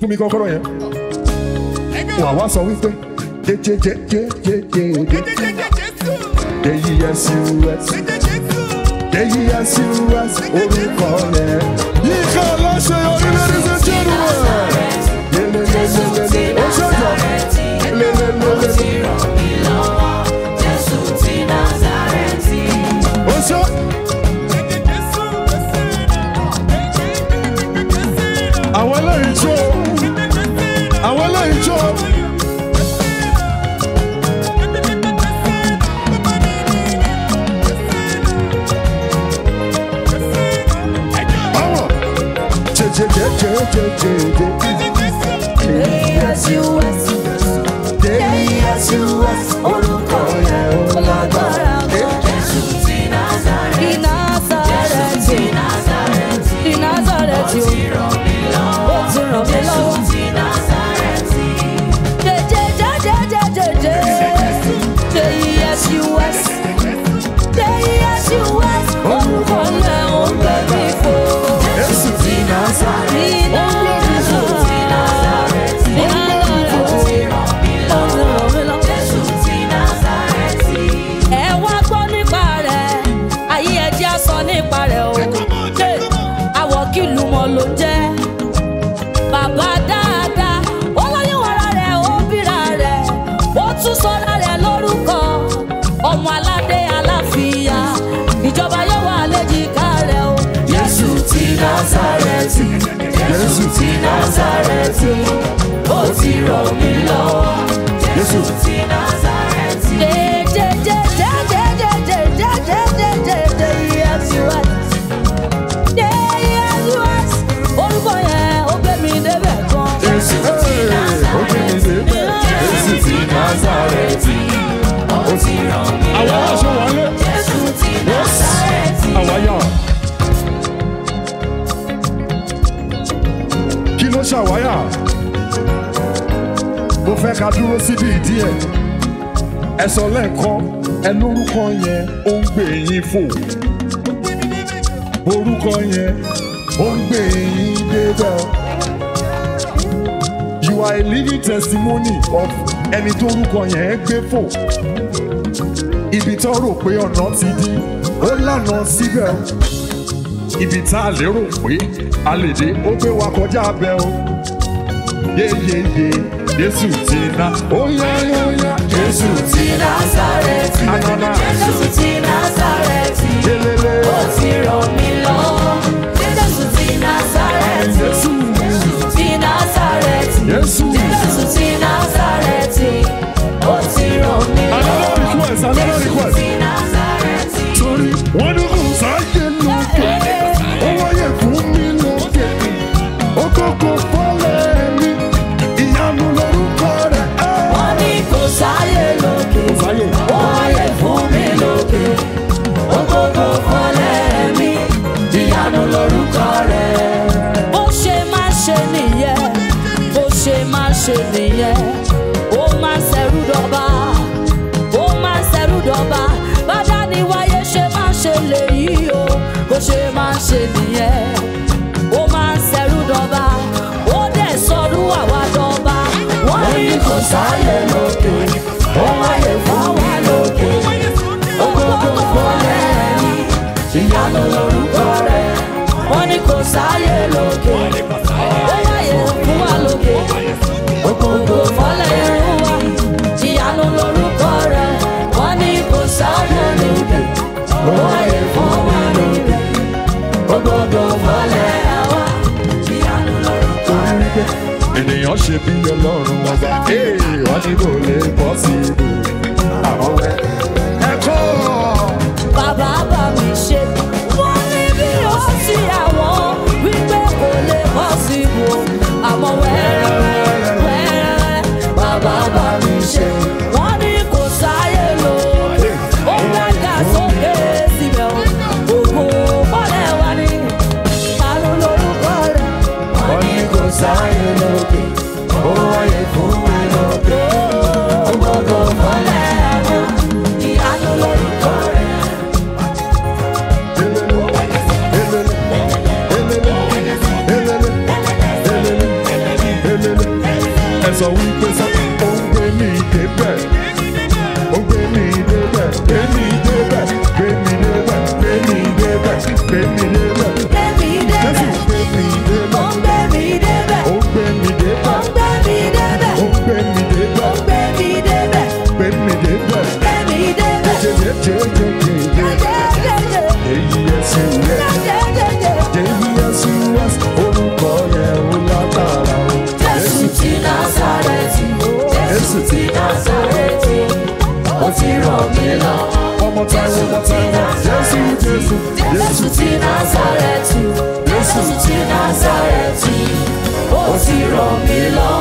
fún mi kọ́kọ́rọ́ yẹn wà wá sọ wípé jẹjẹjẹjẹjẹjẹ jẹyí yẹsí wẹsí jẹyí yẹsí wẹsí orúkọ rẹ. change as you Jesus de Nazaré. ṣàwáyà mo fẹ́ ká dúró síbi ìdí ẹ̀ ẹ sọ lẹ́ẹ̀kan ẹ lórúkọ yẹn ó ń gbé yín fò orúkọ yẹn ó ń gbé you are a living testimony of ẹni tó orúkọ yẹn gbé fò ibi tó rò pé ọ̀nà ti dí ó lànà síbẹ̀ ibi tá a lérò pé a lè dé ó gbé wa kọjá abẹ o. yeyeye Jésù ti ná. óyá óyá Jésù ti Násárẹ́tì. anana Jésù ti Násárẹ́tì. yelele ó ti rọ. ṣe nìyẹn ó máa ṣẹ̀rú dọba ó máa ṣẹ̀rú dọba bàdá ni wáyé ṣe máa ṣe lè yí o bó ṣe máa ṣe nìyẹn ó máa ṣẹ̀rú dọba ó dẹ̀ sọ̀rú àwa dọba. wọ́n ní wọ́n ní kò sáyé lókè ó wáyé fún wa. lọ́rùn ọ̀sẹ̀. wọ́n ní kò lè bọ́ sí i. àwọn ẹ̀rẹ́. só um jésù ti násàrẹ́tì ó ti rọ̀ mí lọ. ọmọ táwọn ọmọ táwọn jésù jésù jésù ti násàrẹ́tì jésù ti násàrẹ́tì ó ti rọ̀ mí lọ.